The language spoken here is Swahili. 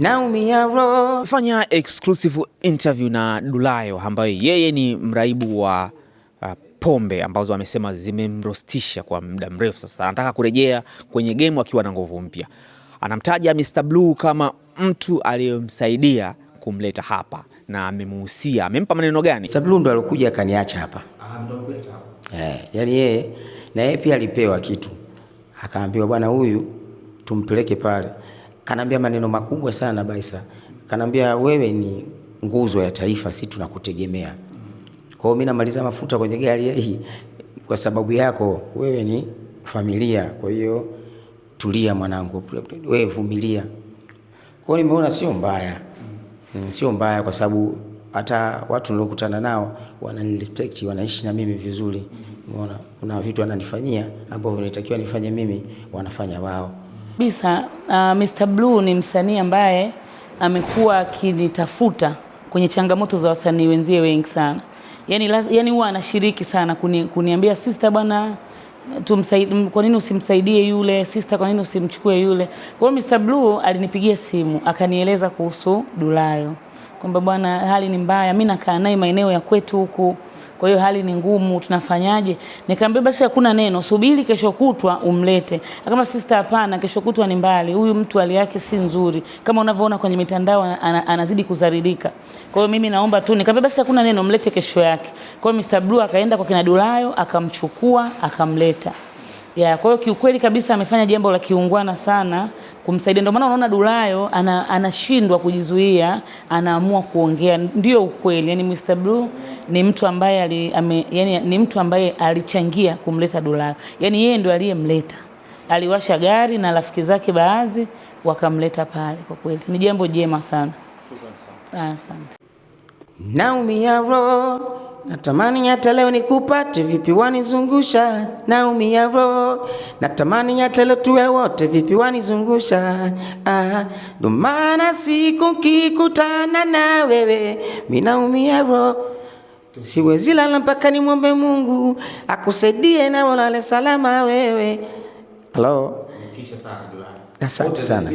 Naumia roho. Fanya exclusive interview na Dulayo ambaye yeye ni mraibu wa uh, pombe ambazo amesema zimemrostisha kwa muda mrefu sasa. Anataka kurejea kwenye game akiwa na nguvu mpya. Anamtaja Mr Blue kama mtu aliyemsaidia kumleta hapa na amemuhusia. Amempa maneno gani? Mr Blue ndo alikuja akaniacha ah, hapa. Eh, yani yeye na yeye pia alipewa kitu, akaambiwa bwana, huyu tumpeleke pale Kanaambia maneno makubwa sana Baisa, kanaambia wewe ni nguzo ya taifa, si tunakutegemea. Kwa hiyo mimi namaliza mafuta kwenye gari hii kwa sababu yako, wewe ni familia. Kwa hiyo tulia mwanangu, wewe vumilia. Kwa hiyo nimeona sio mbaya, mm, sio mbaya kwa sababu hata watu nilokutana nao wananirespect, wanaishi na mimi vizuri. Umeona, kuna vitu wananifanyia ambavyo nitakiwa nifanye mimi, wanafanya wao. Bisa, uh, Mr. Blue ni msanii ambaye amekuwa akinitafuta kwenye changamoto za wasanii wenzie wengi sana. Yaani, yaani huwa yani anashiriki sana kuni, kuniambia sister bwana tumsaidie, kwa nini usimsaidie yule sister, kwa nini usimchukue yule? Kwa hiyo Mr. Blue alinipigia simu akanieleza kuhusu Dulayo kwamba bwana, hali ni mbaya, mimi nakaa naye maeneo ya kwetu huku kwa hiyo hali ni ngumu, tunafanyaje? Nikamwambia basi hakuna neno, subiri kesho kutwa umlete. Akamwambia sister, hapana, kesho kutwa ni mbali, huyu mtu hali yake si nzuri, kama unavyoona kwenye mitandao anazidi kuzaridika. Kwa hiyo mimi naomba tu, nikamwambia basi hakuna neno, mlete kesho yake. Kwa hiyo Mr Blue akaenda kwa kina Dulayo akamchukua akamleta. Ya, kwa hiyo kiukweli kabisa amefanya jambo la kiungwana sana kumsaidia. Ndio maana unaona Dulayo anashindwa ana kujizuia, anaamua kuongea. Ndio ukweli, yani Mr Blue ni mtu ambaye ali, ame, yani, ni mtu ambaye alichangia kumleta Dullayo, yani yeye ndo aliyemleta, aliwasha gari na rafiki zake baadhi wakamleta pale. Kwa kweli ni jambo jema sana, asante. Naumia roho, natamani hata leo nikupate, vipi wanizungusha. Naumia roho, natamani hata leo tuwe wote, vipi wanizungusha. Ah, ndo maana siku kikutana na wewe, mimi naumia roho siwezi lala mpaka nimwombe Mungu akusaidie na walale salama wewe. Halo, asante sana.